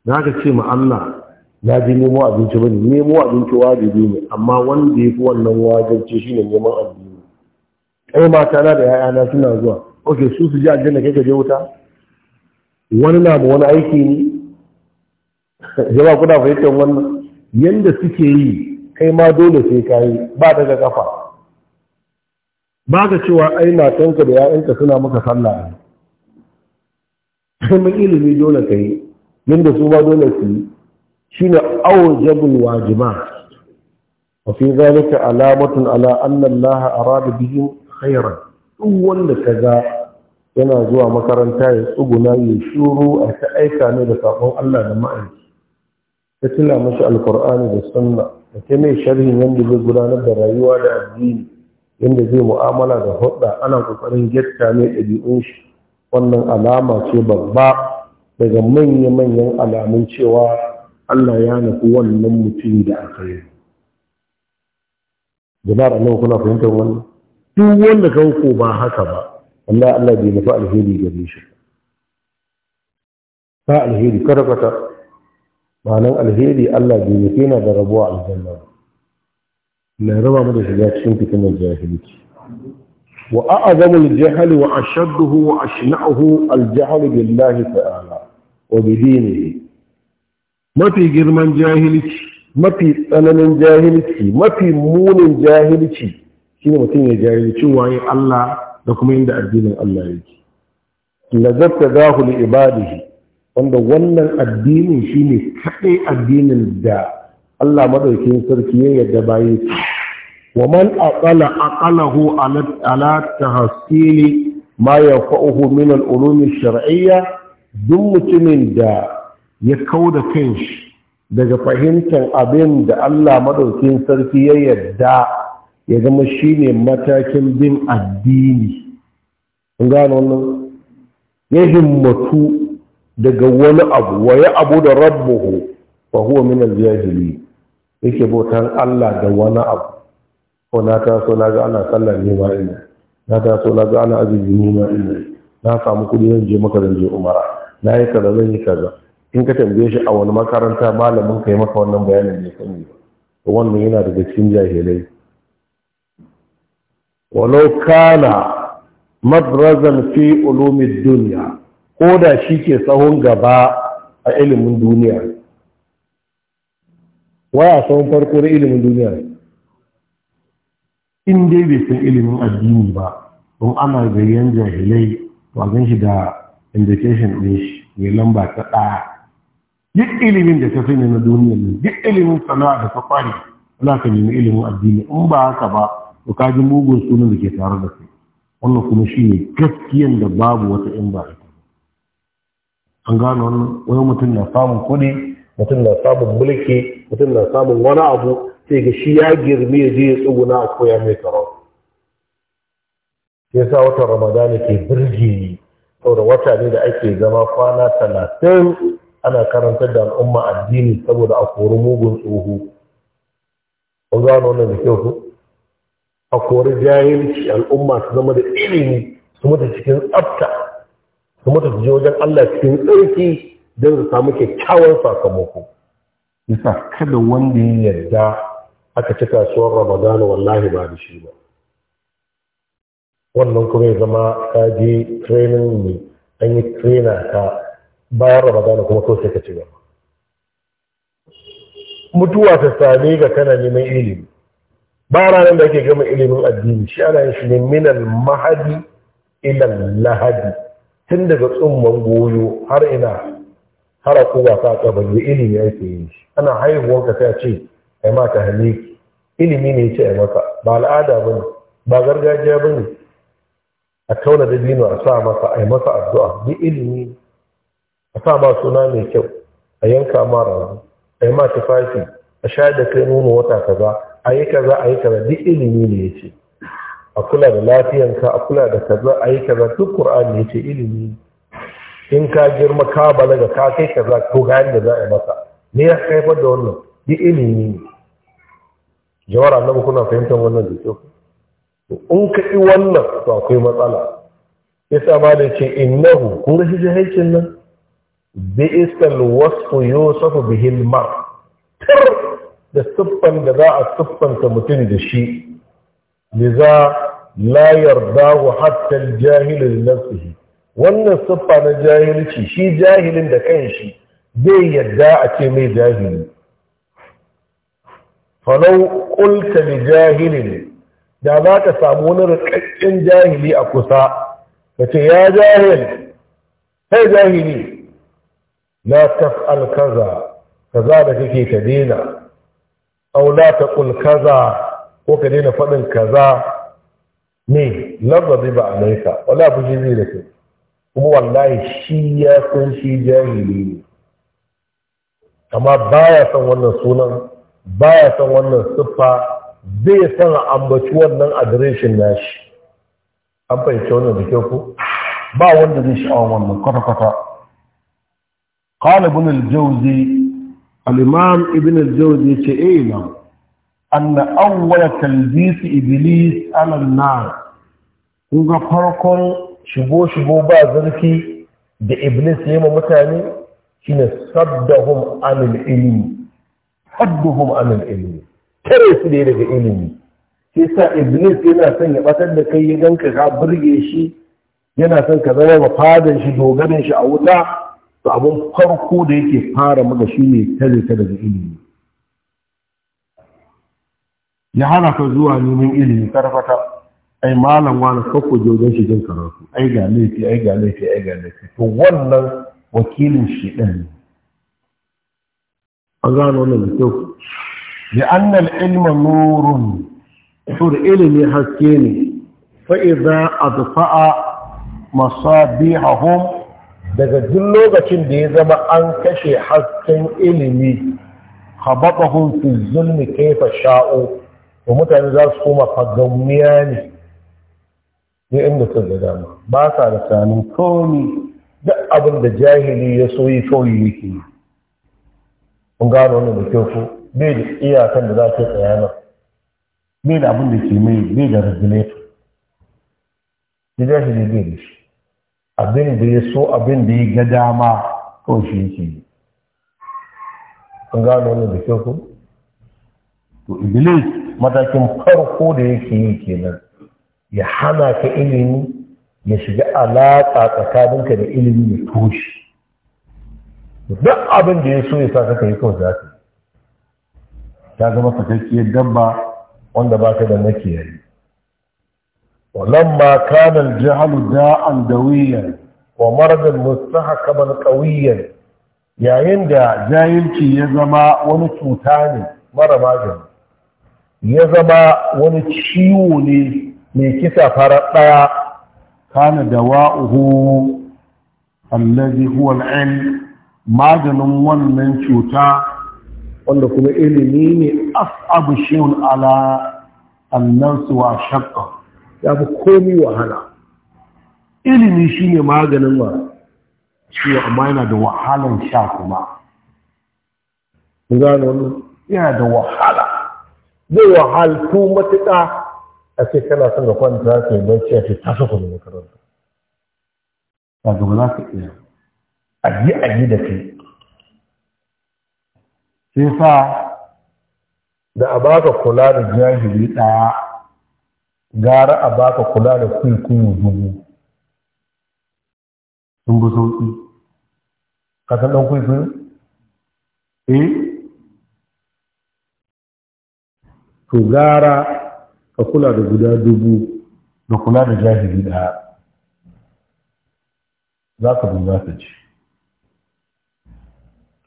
na ka ce ma Allah na ji nemo abinci bane nemo abinci wajibi ne amma wanda ya fi wannan wajibci shine neman abinci. kai mata na da 'ya'ya na suna zuwa okay su su ji aljanna kai ka je wuta wani na da wani aiki ne jama kuna fahimtar wannan yanda suke yi kai ma dole sai ka yi ba daga kafa ba ka cewa ai tanka da ya'yanka suna maka sallah ne kuma ilimi dole ka yi yanda su ma dole su yi shine awjabul wajiba wa fi zalika alamatun ala anna Allah arada bihim khairan duk wanda kaga yana zuwa makaranta ya tsuguna ya shuru a ta aika ne da sakon Allah da ma'aiki ta tuna masu alkur'ani da sunna da ta mai sharhin yadda zai gudanar da rayuwa da addini yadda zai mu'amala da hudda ana kokarin getta mai ɗabi'un shi wannan alama ce babba daga manya-manyan alamun cewa Allah ya nufi wannan mutum da aka yi. Jama'ar Allah kuna fahimtar wannan? Duk wanda kan ko ba haka ba, Allah Allah bai nufi alheri gare shi. Ba alheri, kada kwata ma'anan alheri Allah bai nufi yana da rabuwa aljanna mai raba mu da shiga cikin fitinar jahilci wa a'azamul jahl wa ashadduhu wa ashna'uhu al-jahl billahi ta'ala wa bi dinihi mafi girman jahilci mafi tsananin jahilci mafi munin jahilci shine mutum ya jahilci waye Allah da kuma inda addinin Allah yake lazzatta zahu li ibadihi wanda wannan addinin shine kaɗai addinin da Allah Maɗaukin sarki ya yarda bayi wa man aqala aqalahu ala tahsili ma yafa'uhu min al-ulum ash-shar'iyya duk mutumin da ya kauda kanshi daga fahimtar abin da Allah Maɗaukin sarki ya yarda ya zama shine matakin bin addini kun gano ya himmatu daga wani abu wa ya abu da rabbuhu wa huwa min al-jahili yake botan Allah da wani abu ko na taso na ga ana sallar ne ma ina na taso na ga ana azumi ne ma ina na samu kudi zan je maka zan je umara na yi kaza zan yi kaza in ka tambaye shi a wani makaranta malamin ka yi maka wannan bayanin ne sani ba wannan yana daga cikin jahilai walau kana madrazan fi ulumi dunya ko da shi ke tsawon gaba a ilimin duniya waya tsawon farko na ilimin duniya in dai bai san ilimin addini ba don ana gayyan jahilai wajen shi da indication ɗin shi mai lamba ta ɗaya duk ilimin da ta sanya na duniya ne duk ilimin sana'a da ta ana ka nemi ilimin addini in ba haka ba to ka mugun sunan da ke tare da kai wannan kuma shi ne gaskiyan da babu wata in ba an gano wani wani mutum na samun kuɗi mutum na samun mulki mutum na samun wani abu sai ga shi ya girmi ya je ya tsuguna a koya mai karatu ya sa watan ramadana ke birge ni saboda wata ne da ake zama kwana talatin ana karantar da al'umma addini saboda a kori mugun tsoho an gano wannan da kyau a kori jahilci al'umma su zama da ilimi su mutu cikin tsafta kuma ta je wajen Allah cikin tsarki don su samu kyakkyawan sakamako Isa kada wanda ya yarda aka ci kasuwar Ramadan wallahi ba da shi ba wannan kuma ya zama ka je training ne an yi trainer ka bayan Ramadan kuma ko sai ka ci gaba mutuwa ta same ga kana neman ilimi ba ranar da ake gama ilimin addini shi ana yin shi ne minal mahadi ilal lahadi tun daga tsumman goyo har ina har a ba ka kabari ilimi ake yi ana haihuwar ka ta ce ai mata haliki ilimi ne ce ai maka ba al'ada bane ba gargajiya bane a tauna da dino a sa masa ai masa addu'a bi ilimi a sa ma suna mai kyau a yanka ma rabu ai ma tufafi a sha da kai nono wata kaza a yi kaza a yi kaza duk ilimi ne ya ce a kula da lafiyanka a kula da kaza a yi kaza duk ƙur'ani ya ce ilimi in ka girma ka balaga ka kai kaza ko gani da za a yi masa me ya haifar da wannan duk ilimi ne jawara annabi kuna fahimtar wannan da kyau in ka ƙi wannan to akwai matsala ya sa ma da ce innahu kun ga shi jahilcin nan bi isal wasfu yusufu bihil mar tir da siffan da za a siffanta mutum da shi liza na yarda hatta jahilin nasihi wannan siffa na jahilci shi jahilin da kanshi zai yadda a ce mai jahili falau qulta jahilin da za ka samu wani rikakken jahili a kusa ka ce ya jahil kai jahili la taf'al kaza kaza da kake ka daina. aw ta taqul ko ka daina faɗin kaza ne lafazi ba a naika wala fushi zai da su? kuma wallahi shi ya san shi jahili ne amma baya son wannan sunan baya son wannan siffa zai san a ambaci wannan adireshin nashi an fahimci wannan da kyau ko ba wanda zai sha'awar wannan kwata-kwata قال ابن الجوزي jawzi ابن الجوزي ibn ce eh, أن أول تلبيس iblis على النار kunga farkon shigo-shigo ba zurfi da iblis ya ma mutane shine saddahum ilimi. ilmi saddahum anil ilmi tare su da daga ilimi shi sa iblis yana son ya ɓatar da kai ya ganka ka burge shi yana son ka zama ba fadar shi dogarin shi a wuta to abun farko da yake fara maka shine tare ta daga ilimi ya hana ka zuwa neman ilimi karfata ai malam wani kakko jirgin shi jin karatu ai ga laifi ai ga laifi ai ga laifi to wannan wakilin shi ɗan ne an gano wannan da kyau da annal ilma nurun sur ilimi haske ne fa'iza a zufa'a masabihahum daga duk lokacin da ya zama an kashe hasken ilimi haɓaɓahun fi zulmi kaifa sha'o to mutane za su koma fagamiya ne ne inda sun da dama ba sa da tsanin komi duk abin da jahili ya so yi kawai yake yi kun gano wani da kyau ko bai da iyakan da za ta tsaya nan bai da abin da ke mai bai da regulator da jahili bai da shi abin da ya so abin da ya ga dama kawai shi yake yi kun gano wani da kyau ko to iblis matakin farko da yake yi kenan ya hana ka ilimi ya shiga alaƙa tsakaninka da ilimi ya toshe duk abin da ya so ya saka ka yi kawai za ka ta zama dabba wanda ba ka da makiyayi da'an da الجهل داء دويا mustaha kamar ƙauyen. yayin da jahilci ya zama wani cuta ne mara magani ya zama wani ciwo ne mai kisa farar ɗaya kana da wa'uhu allazi huwa al'ilm maganin wannan cuta wanda kuma ilimi ne as'abu shehun ala annansu wa shakka ya fi komi wahala ilimi shi ne maganin wa ciwo amma yana da wahalan sha kuma gano yana da wahala zai wahaltu matuƙa a ce kana son ka kwanta sai bacci a ce ta ku ne makaranta ba ga ba za ka iya a yi da kai sai sa da a baka kula da jahili ɗaya gara a baka kula da kwaikwayo dubu sun bi sauƙi ka san ɗan kwaikwayo? eh to gara ka kula da guda dubu da kula da jahili ɗaya za ka duba ka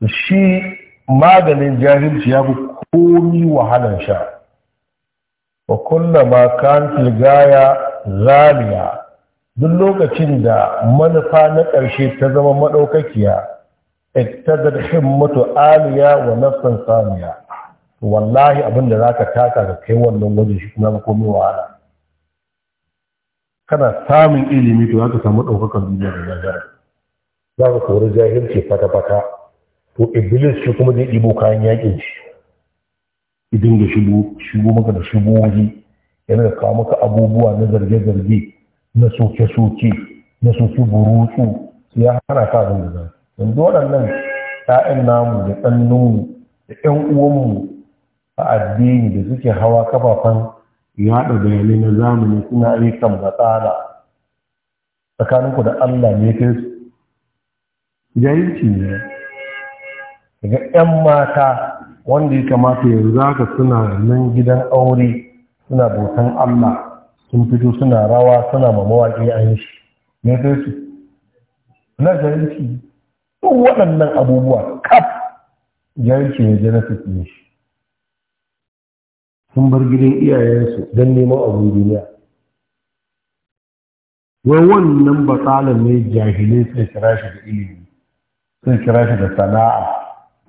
Da shi maganin jahilci ya fi komi wahalar sha wa kullama kantil gaya zaliya duk lokacin da manufa na ƙarshe ta zama maɗaukakiya iktadar himmatu aliya wa nafsan saniya wallahi abin da za ka taka ka kai wannan wajen shi kuma komai wahala kana samun ilimi to za ka samu ɗaukakar duniya da zagara za ka kori jahilci fata-fata to iblis shi kuma zai ɗibo kayan yaƙin shi idan da shigo maka da shigo waje yana da kawo maka abubuwa na zarge-zarge na soke-soke na soke burutsu ya hana ka abin da za yanzu waɗannan 'ya'yan namu da ɗannunmu da 'yan uwanmu a addini da suke hawa kafafen yaɗa bayanai na zamani suna aikan batsala tsakaninku da Allah ne ta su jayinci ne daga 'yan mata wanda ya kamata yanzu haka suna nan gidan aure suna bautan Allah sun fito suna rawa suna mamawaƙi an shi ne ta su na jayinci duk waɗannan abubuwa kaf jayinci ne genesis ne shi sun bar gidan iyayensu don neman abin duniya wai wannan batsalan ne jahilai sun kira shi da ilimi sun kira shi da sana'a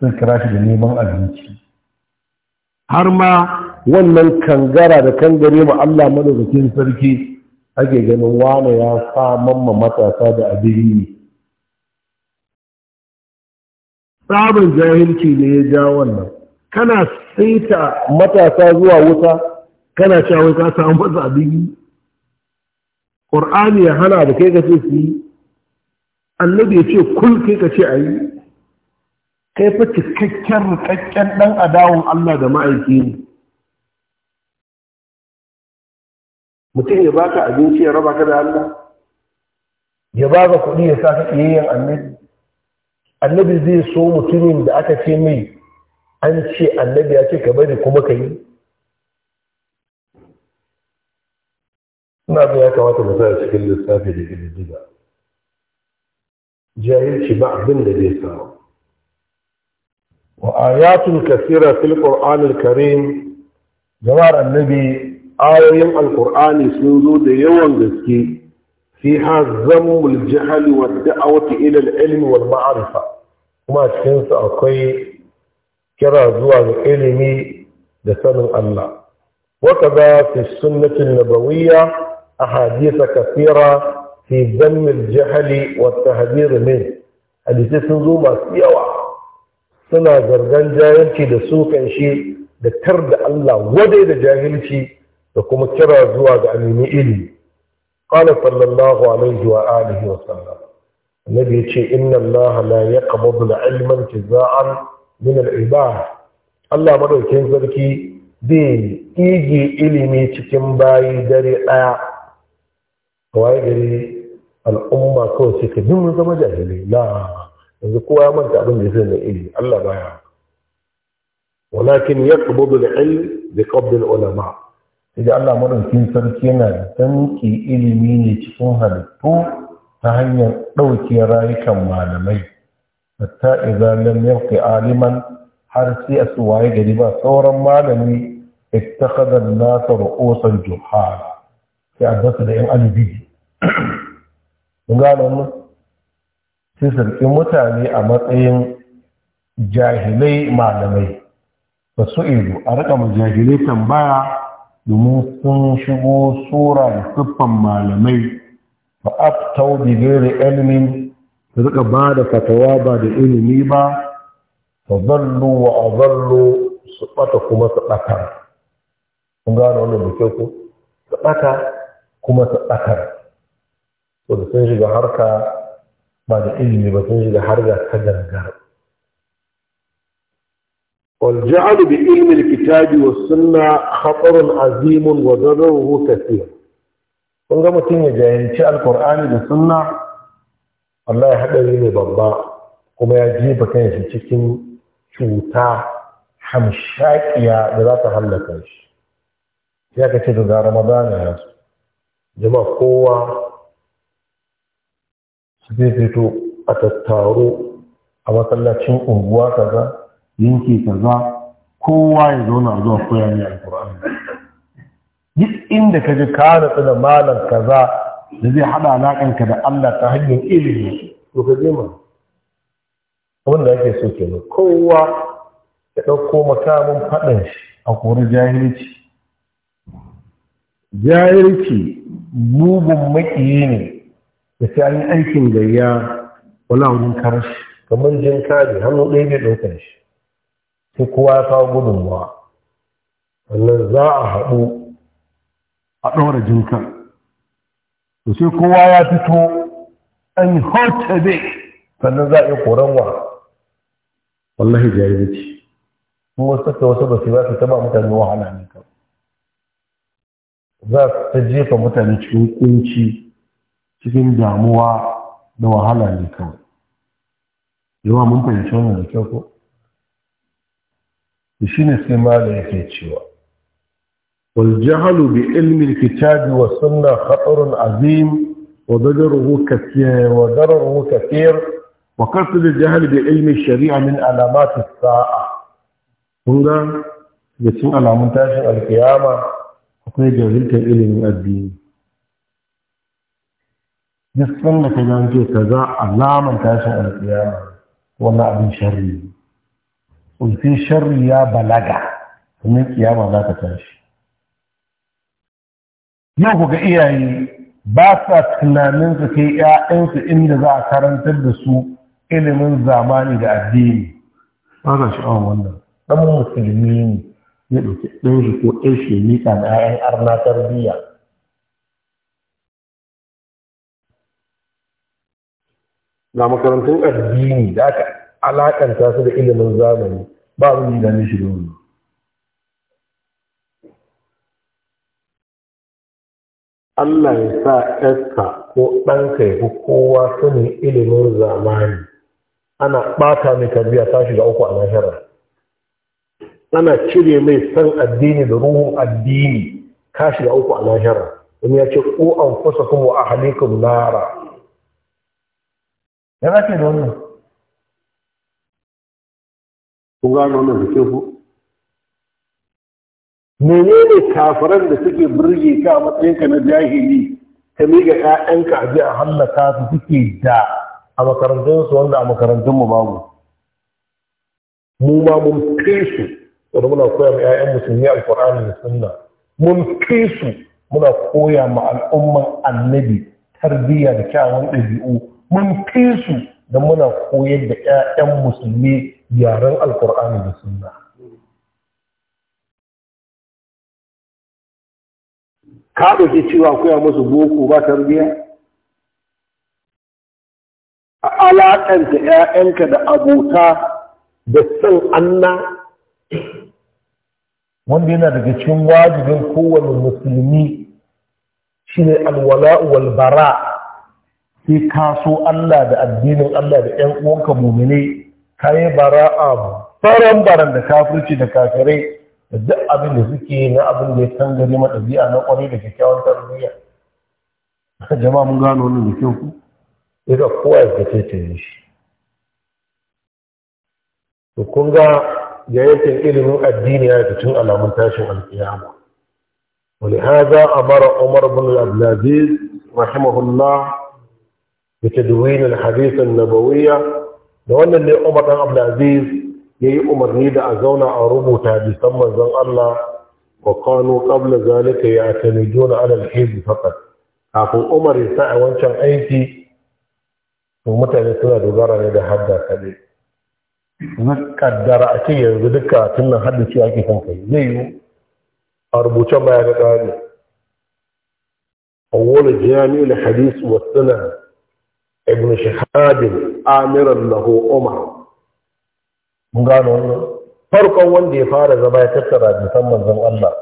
sun kira shi da neman abinci har ma wannan kangara da kangare ma Allah madaukakin sarki ake ganin wane ya saman ma matasa da abin yi Sabon jahilci ne ya ja wannan kana saita matasa zuwa wuta kana cewa ka samu masa abin ƙur'ani ya hana da kai ka ce su yi annabi ya ce kul kai ka ce a yi kai fa cikakken rikakken ɗan adawun Allah da ma'aiki ne mutum ya baka abinci ya raba ka da Allah ya baka kuɗi ya sa ka annabi annabi zai so mutumin da aka ce mai an ce annabi ya ce ka bari kuma ka yi ina ga ya kamata mu sa cikin lissafi da ƙididdiga jahilci ba abin da zai samu wa ayatun kasira fil qur'anil karim jama'ar annabi ayoyin alqur'ani sun zo da yawan gaske فيها ذم الجهل والدعوة إلى العلم kuma kuma cikinsu akwai. kira zuwa ga ilimi da sanin Allah وكذا في a النبوية Kafira كثيرة في ذم الجهل والتهذير منه hadisai sun zo masu yawa suna zargan jahilci da sukan shi da tar da Allah wadai da jahilci da kuma kira zuwa ga amini ilimi qala sallallahu alaihi wa alihi wa sallam annabi yace inna Allah la yaqbalu ilman min al’ibar Allah madaukin sarki zai ƙige ilimi cikin bayi dare ɗaya kawai gari al'umma kawai suka duk zama jahili na yanzu kowa ya manta abin da ya ilimi Allah baya walakin ya kubudu da il da ulama idan Allah maɗaukin sarki yana danki ilimi ne cikin halittu ta hanyar ɗauke rayukan malamai hatta idan lam yabqi aliman har sai a waye gari ba sauran malami ittakhadha an-nas ru'usan juhala sai a dasa da yan alibi mun gano mu sai sarki mutane a matsayin jahilai malamai ba su ido a rika jahilai tambaya domin sun shigo sura da siffan malamai ba aftau bi ghairi ilmin su rika ba da fatawa ba da ilimi ba fa zallu wa azallu su bata kuma su ɓata kun gane wannan da kyau ko su ɓata kuma su ɓatar to da sun shiga harka ba da ilimi ba sun shiga harka ta gangar والجعل بعلم الكتاب والسنة خطر عظيم وضرره كثير kun ga mutum ya jayanci alkur'ani da sunna wallahi haɗari ne babba kuma ya jefa kanshi cikin cuta hamshaƙiya da za ta hallaka shi ya ka ce da ramadana ya su jama kowa su fito a tattaro a matsalacin unguwa kaza yanki kaza kowa ya zauna a zuwa koya ne alkur'ani duk inda ka ji ka da malam kaza da zai hada alaƙanka da Allah ta hanyar ilimi to ka je ma wanda ake so ke nan, kowa ya ɗauko makamin faɗin shi a kori jahilci jahilci mugun makiyi ne da sai an yi aikin gayya wala wurin karshe kamar jin kaji hannu ɗaya bai ɗaukar shi sai kowa ya kawo gudunmawa wannan za a haɗu a ɗora jinkan to sai kowa ya fito an hota be sannan za a yi koran wa wallahi jahilci in wasu saka wasu ba su ba su taba mutane wahala ne kawai za su ta jefa mutane cikin kunci cikin damuwa da wahala ne kawai yawa mun fahimci wannan da kyau ko shi ne sai malam yake cewa والجهل بعلم الكتاب والسنة خطر عظيم وضرره كثير وضرره كثير وقصد الجهل بعلم الشريعة من علامات الساعة هنا يتم علامات القيامة akwai jahiltar ilimin addini duk sanda ka gan ce ka za alaman tashin alƙiyama wani abin sharri ulfin sharri ya balaga sannan ƙiyama za ka tashi yau ku ga iyaye ba sa tunanin su kai ‘ya'yansu inda za a karantar da su ilimin zamani da addini ba za shi awon wannan ɗan musulmi ne ya ɗauki ɗan shi ko ɗan shi ka na ‘ya'yan arna tarbiyya na makarantun addini da aka alaƙanta su da ilimin zamani ba wani yi shi da wani. Allah ya sa ɗanka ko ɗanka ya fi kowa sanin ilimin zamani ana ɓata mai tarbiyya ta shiga uku a nashara ana cire mai san addini da ruhun addini ka shiga uku a nashara wani ya ce ko an kusa kuma a halikun lara. ya zafi da wannan kun gano wannan da ke ku Mene ne kafiran da suke burge ka a matsayinka na jahili ka miƙa ƴaƴanka a ji a hallaka su suke da a makarantunsu wanda a makarantunmu babu mu ma mun fi su wanda muna koya ma ƴaƴan musulmi alƙur'ani da sunna mun fi su muna koya ma al'umman annabi tarbiyya da kyawun ɗabi'u mun fi su da muna koyar da ƴaƴan musulmi yaren alƙur'ani da sunna ka ɗauki cewa koya musu boko ba tarbiyya a alaƙanta ‘ya'yanka da abota da san anna wanda yana daga cikin wajibin kowane musulmi shi ne alwala walbara sai ka so Allah da addinin Allah da ‘yan uwanka ka yi bara a baran-baran da kafirci da kafirai da duk abin da suke na abin da ya san gari matabi'a na kwarai da kyakkyawar tarbiyya jama'a mun gano wani da kyau ku kowa ya kace ta shi to kun ga yayyakin ilimin addini ya ta cin alamun tashin alkiyama ولهذا Umar عمر بن عبد العزيز da الله بتدوين الحديث da wannan ne Umar عبد Abdulaziz. ya yi umarni da a zauna a rubuta bisan manzon Allah wa kano ƙabla zalika ya ta ne jona alal hezi fakat kafin umar ya sa a wancan aiki to mutane suna dogara ne da hadda na kaddara a ce yanzu duka tun nan hadda ce ake kan kai zai yi a rubuce baya da ƙari awwal da hadis wasu sunan ibn shahab amiran lahu umar mun gano wannan farkon wanda ya fara zama ya tattara hadisan manzon Allah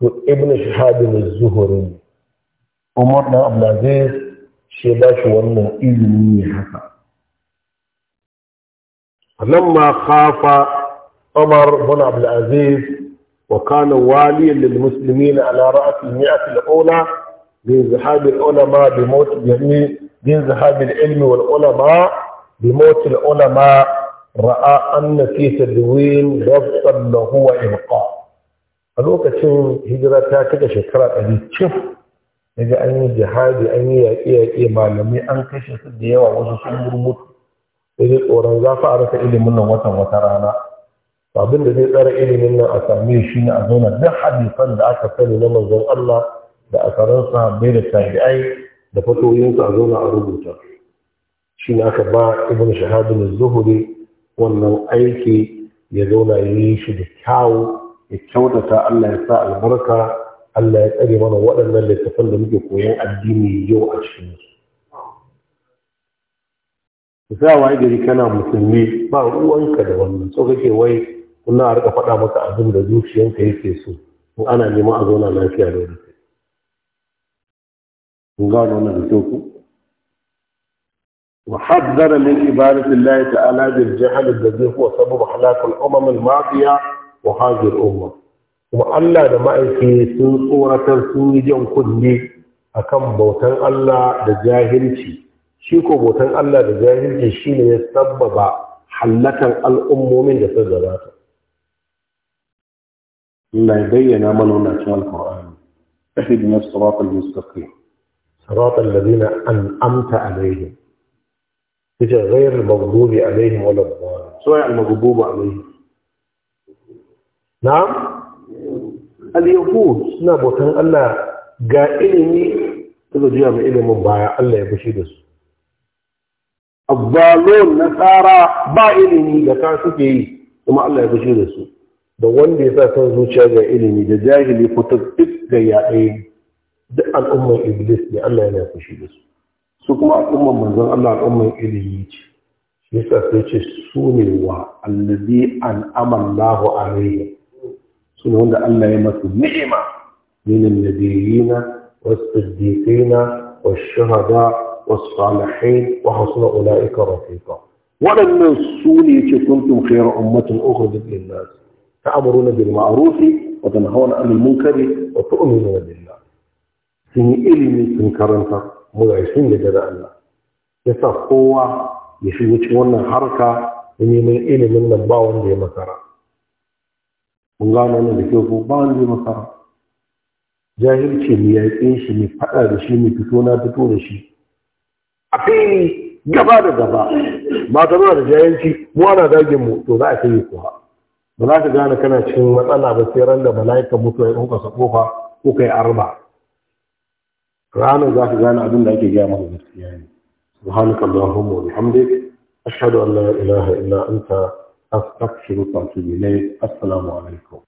to ibnu shahab az-zuhri umar ibn abdulaziz shi ba shi wannan ilimi haka فلما خاف عمر بن عبد العزيز وكان واليا للمسلمين على رأس المئة الأولى بانزحاب العلماء بموت جميع بانزحاب العلم والعلماء بموت العلماء ra'a anna fi tadwin dabtan lahu wa a lokacin hijira ta cika shekara ɗari cif daga an yi jihadi an yi yaƙe-yaƙe malamai an kashe su da yawa wasu sun murmutu sai tsoron za a rasa ilimin nan watan wata rana abin da zai tsara ilimin nan a same shi ne a zauna duk hadisan da aka sani na manzon Allah da asaran sahabbai da tabi'ai da fatoyinsu a zauna a rubuta shi ne aka ba ibn shahadin zuhuri wannan aiki ya zauna ya yi shi da kyawu ya kyautata Allah ya sa albarka Allah ya tsare mana waɗannan littafan da muke koyon addini yau a cikin su sai wa gari kana musulmi ba ruwanka da wannan so kake wai kuna rika faɗa maka abin da zuciyanka yake so in ana neman a zauna lafiya da wani kun gano wannan da kyau وحذر من عبادة الله تعالى بالجهل الذي هو سبب هلاك الأمم الماضية وهذه الأمة kuma Allah da ma'aiki sun tsoratar sun yi jan kunne a kan bautan Allah da jahilci shi ko bautan Allah da jahilci shi ne ya sabbaba hallakan al'ummomin da sun gabata Allah ya bayyana mana wannan cikin alƙur'ani tafi da nasu da zina an amta a alaihim yace ghayr maghdubi alaihim wala dhalin soya al-maghdubi alaihim na'am al suna bautan Allah ga ilimi suka juya mai ilimin baya Allah ya fushi da su na nasara ba ilimi da ta suke yi kuma Allah ya fushi da su da wanda ya sa son zuciya ga ilimi da jahili fitar duk ga yaɗe duk al'ummar iblis ne Allah yana fushi da su su kuma al'umman manzon Allah al'umman ilimi ce yasa sai ce su ne wa allazi an amallahu alaihi su ne wanda Allah ya masu ni'ima min annabiyina was-siddiqina wash-shuhada was-salihin wa hasuna ulaika rafiqa waɗannan su ne yake kuntum khayra ummatin ukhrijat lin-nas ta'muruna bil ma'ruf wa tanhawna 'anil munkari wa tu'minuna billah sun yi ilimi sun karanta mu ga sun da da Allah yasa kowa ya shigo cikin wannan harka da neman ilimin nan ba wanda ya makara mun gano ne da ke ko ba wanda ya makara jahilci ne ya yi shi ne faɗa da shi ne fito na fito da shi a fili gaba da gaba ba ta da jahilci mu ana dagin mu to za a kai kuwa ba za ka gane kana cikin matsala ba sai ran da mala'ika mutuwa ya ɗauka sa kofa ko kai arba ran za ka gane abin da ake gaya maka gaskiya ne subhanaka allahumma wa bihamdik ashhadu an la ilaha illa anta astaghfiruka wa atubu ilayk assalamu alaikum